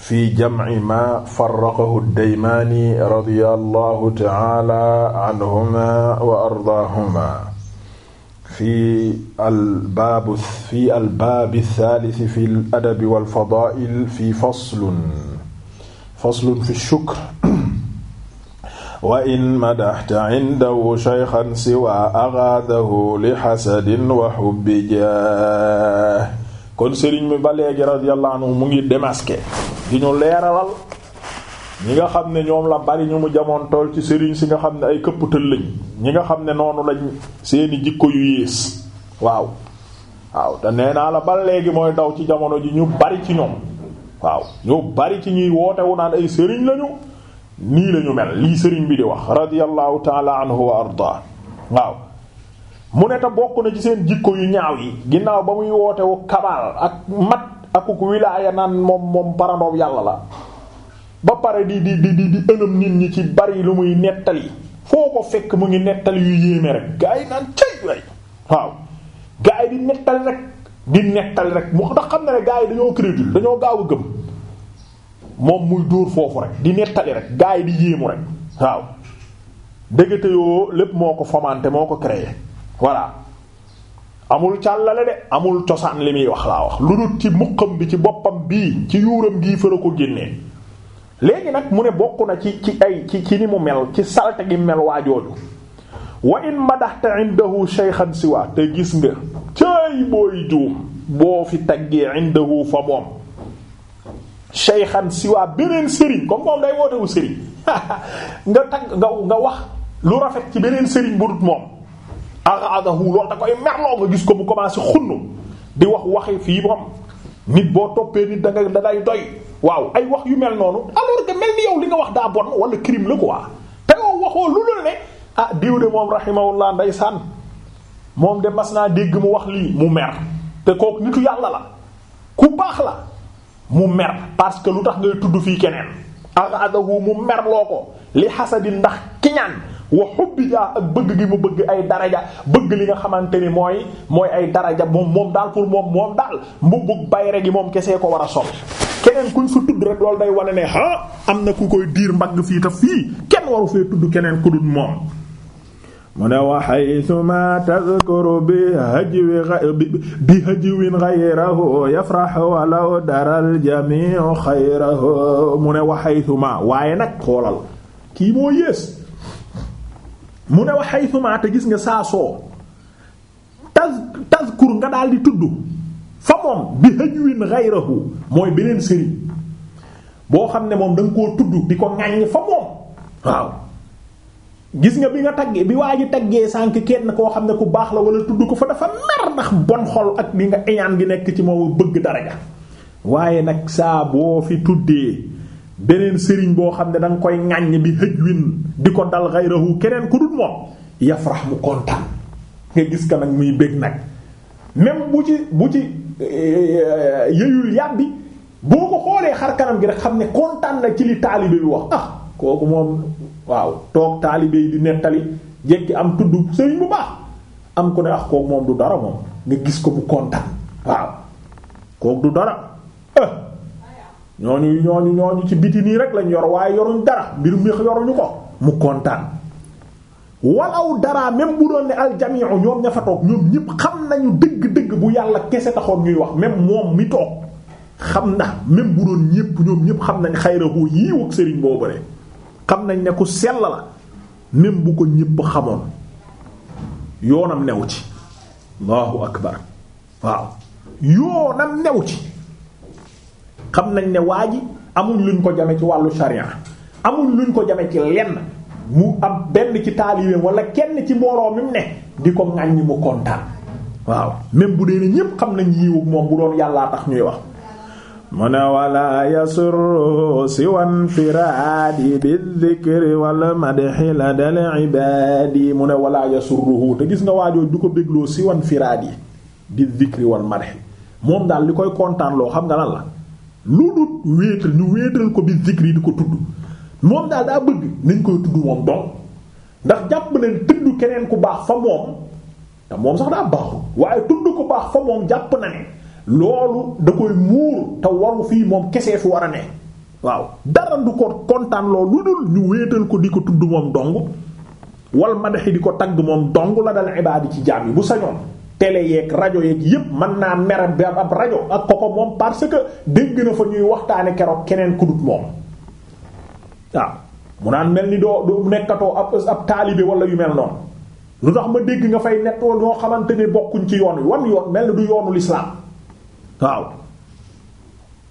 fi jamci ma farraqahu ddaymaani radiyallahu ta'ala anhuma wa ardaahuma fi albaabu fi albaabi thaalith fi ladabi walfadaa'il fi faslun faslun fi shukr wa in madaxta cindahu shaykhan siwa agaadahu li xasadin wa xubbi jaah kon sëriñ mi ba léegi radiyallahu anhu mu ngi démasqué di ñu leeralal ñi nga xam ne ñoom la bari ñu mu jamoon tool ci sëriñ si nga xam ne ay këppatal lañ ñi nga xam ne noonu lañ seeni jikko yu yées waaw waaw te nee naa la ba léegi mooy daw ci jamono ji ñu bari ci ñoom waaw ñu bari ci ñuy wootewu naan ay sëriñ lañu nii lañu mel lii sëriñ bi di wax radiyallahu taala anhu wa arda waaw mu ne te bokk na ci seen jikko yu ñaaw yi ginnaaw ba muy wootewu kabaal ak mat akuk wilaaya naan moom moom parandoom yàlla la ba pare di di di di nit ñi ci bari lu muy nettali foo ko fekk mu ngi nettali yu yéeme rek gaa yi naan cay waaw gaa di nettali rek di nettali rek mu ndax xam na ne gaa yi dañoo crédule dañoo gaaw a gëm moom muy dóor foofu rek di nettali rek gaa yi di yéemu rek waaw dëggate yoo lépp moo ko fomante moo ko crée voilà amul càllale de amul cosaan li muy wax laa wax lu dul ci muqam bi ci boppam bii ci yuuram gii fa la ko génnee léegi nag mu ne bokk na ci ci ay ci ci ni mu mel ci salte gi mel waa jooju wa in madaxta indahu shaykhan siwa te gis nga cay booy juum boo fi taggee indahu fa moom shaykhan siwa beneen sëriñ comme moom day wootewu sëriñ nga tagg nga nga wax lu rafet ci beneen sëriñ bu dut moom axadahu loolu da koy merloo nga gis ko mu commencé xunn di wax waxi fii moom nit boo toppee nit da nga doy waaw ay wax yu mel noonu alors que mel ni yow li nga wax daa bon wala crime la quoi te yow waxoo lu la ne ah diw de moom rahimahullah ndeysaan moom de mas naa dégg mu wax lii mu mer te kooku nitu yàlla la ku baax la mu mer parce que lu tax ngay tudd fii keneen axadahu mu merloo ko li xasadi ndax kiñaan wa xubbi jaa ak bëgg gi mu bëgg ay daraja bëgg li nga xamante ni mooy mooy ay daraja moom moom daal pour moom moom daal mbubbug bayre gi moom kesee ko war a sol keneen kuñ fu tudd rek loolu day wane ne ah am na ku koy diir mbagg fii te fii kenn waru fee tudd keneen ku dul moom mu ne wa xaysuma tazkuru bi hajwi bi hajwin xayrahu yafrax walaw daral jamiu xayrahu mu ne wa waaye nag xoolal kii moo yées mu ne wa haythuma te gis nga saa soo taz tazkur nga daal di tudd fa moom bi hajwin ghayrahu mooy beneen sëriñ boo xam ne moom da nga koo tudd di ko ŋàññ fa moom waaw gis nga bi nga taggee bi waa taggee sànq kenn koo xam ne ku baax la wala tudd ko fa dafa mer ndax bon xol ak bi nga iñaan bi nekk ci moom bëgg daraja waaye nag saa boo fi tuddee beneen sëriñ boo xam ne da koy ŋàññ bi hëj win di ko dal xayrahu keneen ku dul moom yafrax mu kontaan nga gis ka nag muy bég nag même bu ci bu ci eh, eh, yëyul yàbbi boo ko xoolee xar kanam gi rek xam ne kontaan na ci li taalibe bi wax ah kooku moom waaw toog taalibe di nettali jekki am tudd sëriñ bu baax am ko ne wax ah, kooku moom du dara moom nga gis ko bu kontaan waaw kooku du dara eh. ñooñu ñoo ñooñu ci biti nii rek lañu yor waaye yoruñ dara mbir mi yoruñu ko mu kontaan walaw dara même bu doon ne aljamiu ñoom ña fa toog ñoom ñëpp xam nañu dëgg-dëgg bu yàlla kese taxoon ñuy wax même moom mi toog xam na même bu doon ñëpp ñoom ñëpp xam nañ xayrahu yiiw ak sëriñ boobu rek xam nañ ne ku sell la même bu ko ñëpp xamoon yoonam new ci allahu akbar waaw yoonam new ci xam nañ ne waa ji amul luñ ko jame ci wàllu sharia amuñ luñ ko jame ci lenn mu am benn ci taalibeem wala kenn ci mbooloo di ko ŋàññi mu waaw même bu dee ne xam nañ yiwu moom bu doon yàllaa tax ñuy wax mu ne wala yasuru siwan firaadi bi dhikri wala madhi la dal ibaadi mu ne te gis nga waajoo du ko bégloo siwan firaadi di dhikri wal madhi moom daal li koy kontaan loo xam nga laal la lu dut wéetal ñu wéetal ko bi zikri di ko tudd moom daal daa bëgg nañ koy tudd moom donc ndax jàpp nañ tudd keneen ku baax fa moom te moom sax daa baaxul waaye tudd ku baax fa moom jàpp na ne loolu da koy muur te waru fii moom kese fi war a ne waaw dara du ko kontaan loolu lu dul ñu wéetal ko di ko tudd moom dong wal madaxi di ko tagg moom dong la dal ibaadi ci jaam yi bu sañoon télé yeeg rajo yeeg yépp mën naa mer ab rajo ak koko moom parce que dégg na fa ñuy waxtaane keroog keneen ku moom waaw mu naan mel ni doo doo nekkatoo ab ab taalibe wala yu mel noonu lu tax ma dégg nga fay nettoo ñoo xamante ne bokkuñ ci yoon wi wan yoon mel ni du yoonu lislaam waaw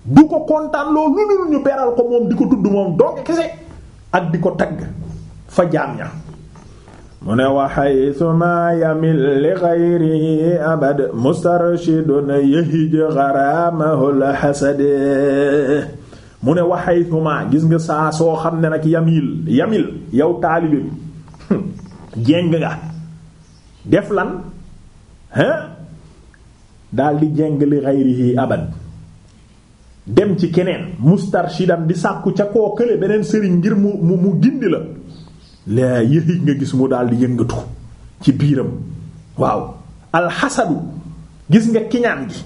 du ko kontaan loolu lu ñu beral ko moom di ko tudd moom donc kese ak di ko tagg fa jaam ña mu ne wa xaytu yamil li xayrihi abad mustarshidun yahij xaraamahul xasade mu ne wa xaytu gis nga saa soo xam ne nag yamil yamil yow taalibe bi jéng nga def lan hein daldi jéng li xayrihi abad dem ci keneen mustarshidan di sàkku ca koo kële beneen sëriñ ngir mu mu mu gindi la laa yëhij nga gis mu daal di yëngatu ci biiram waaw alxasadu gis nga kiñaan gi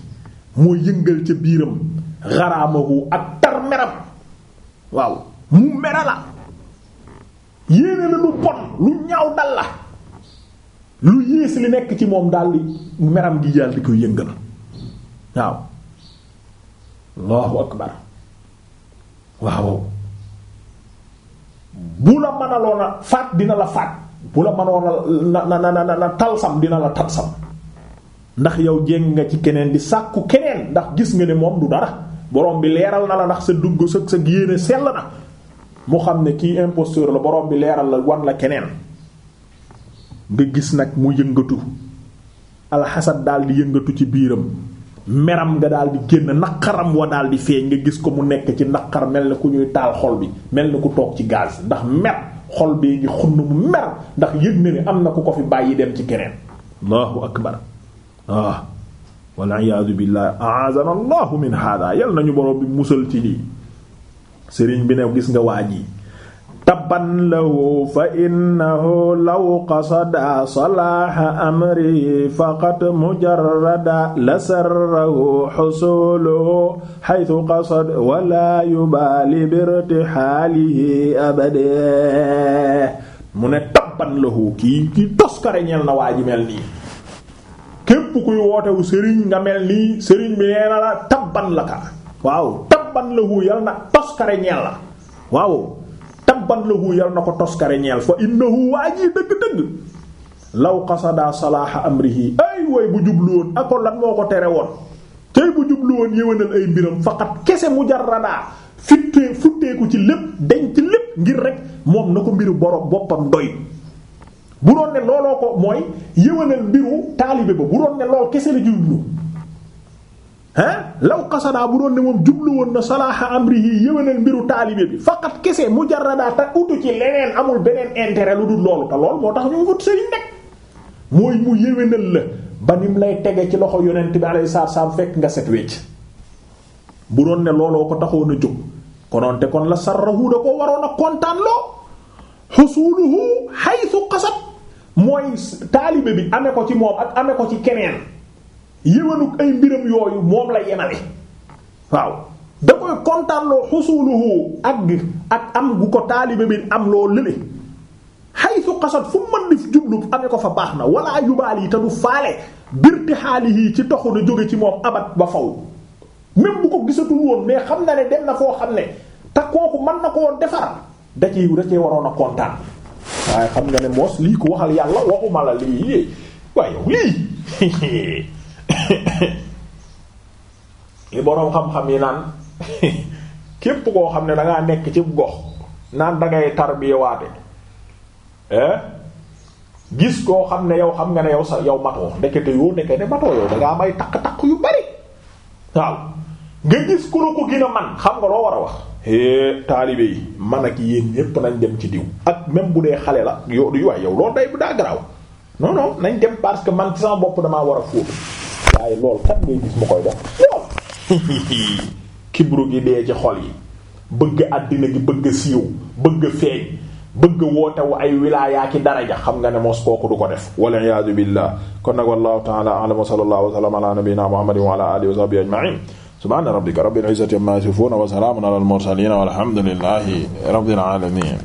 moo yëngal ca biiram xaraamahu ak tar meram waaw mu mera la yéene la lu bon lu ñaaw dal la lu yées li nekk ci moom daal di meram gi daal di yëngal waaw allahu akbar waaw bu la mënaloon a faat dina la faat bu la mënoon a na na na na talsam dina la talsam ndax yow jéng nga ci keneen di sàkku keneen ndax gis nga ne moom du dara borom bi leeral na la ndax sa dugg sa sa yéene sell na mu xam ne kii imposteur la borom bi leeral la wan la keneen nga gis nag mu yëngatu alxasad daal di yëngatu ci biiram meram nga daal di génn naqaram wa daal di feeñ nga gis ko mu nekk ci naqar mel na ku ñuy taal xol bi mel na ku toog ci gaas ndax mer xol bee ngi xunn mu mer ndax yëg na ne am na ku ko fi bàyyi dem ci keneen allahu akbar ah waliyasu billah aazana allahu min hada yal nañu borom bi musal ci lii sëriñ bi ne gis nga waaj yi tabban lahu fa innahu law qasada salaaha amri faqat mujarrada la sarrahu xusuluhu xaytu qasad wala yubaali birtihaalihi abade mu ne tabban lahu kii kii toskare ñeel na waa ji mel nii képp kuy wootewu sëriñ nga mel nii sëriñ bi nee na la tabban la ka waaw tabban lahu yal na toskare ñeel la waaw tabban lahu yal na ko toskare ñeel fa innahu waa ji dëgg-dëgg law qasada salaaha amrihi ay way bu jubluwoon ako lan moo ko tere woon tey bu jubluwoon yéwénal ay mbiram faqat kese mujarrada fittee futteeku ci lépp denc lépp ngir rek moom na ko mbiru borom boppam doy bu doon ne looloo ko mooy yéwénal mbiru taalibe ba bu doon ne lool kese la jublu ah law qasadaa bu doon ne moom jublu woon na salaaxa amrihi yéwénal mbiru taalibe bi faqat kese mujarradaa te utu ci leneen amul beneen intérêt lu dul loolu te lool moo tax ñu ut sëriñ nekk mooy mu yéwénal la ba nim lay tege ci loxo yonent bi alayhi salaam fekk nga set wecc bu doon ne looloo ko taxoon a jóg konoon te kon la sarrahu da ko waroon a kontaan loo xusuluhu haythu qasad mooy taalibe bi ame ko ci moom ak ame ko ci keneen yëwanuk ay mbiram yooyu moom la yemale waaw da koy kontaanloo xusuluhu àgg ak am gu ko taalibe bi am loo lële xaytu xasat fu mën di jublu amee ko fa baax na wala yubaal yi te du faale birti xaali yii ci toxu na jóge ci moom abat ba faw même bu ko gisatul woon mais xam na ne dem na foo xam ne te kooku man na koo defar da ci da cee waroon a kontaan waaye xam nga ne moos lii ko waxal yàlla waxuma la lii waaye yow lii li boroom xam-xam yi naan képp koo xam ne dangaa nekk ci gox naan dangay tarbiyewaate gis koo xam ne yow xam nga ne yow sa yow matoo ndekete yoo ndekete matoo yow dangaa may takk-takk yu bari waaw nga gis ku la ko gën man xam nga loo war a wax hé taalibe yi man ak yéen ñépp nañ dem ci diw ak même bu dee xale la yow du waay yow loolu day bu daa garaaw non non nañ dem parce que man ci sama bopp damaa war a fóotu ay lool kat ngay gis mu koy def lool kibru gi dee ci xol yi bëgg àddina gi bëgg siiw bëgg feeñ bëgg woote wu ay wilaayaa daraja xam nga ne mos kooku du ko def wal iyaadu billah kon nag wallahu a a'lam wa sallallahu wa sallama ala nabiyyina muhammadin wa ala alihi wa sahbihi ajma'in subhana rabbika rabbil izzati amma yasifun wa salamun ala al mursalin walhamdulillahi rabbil alamin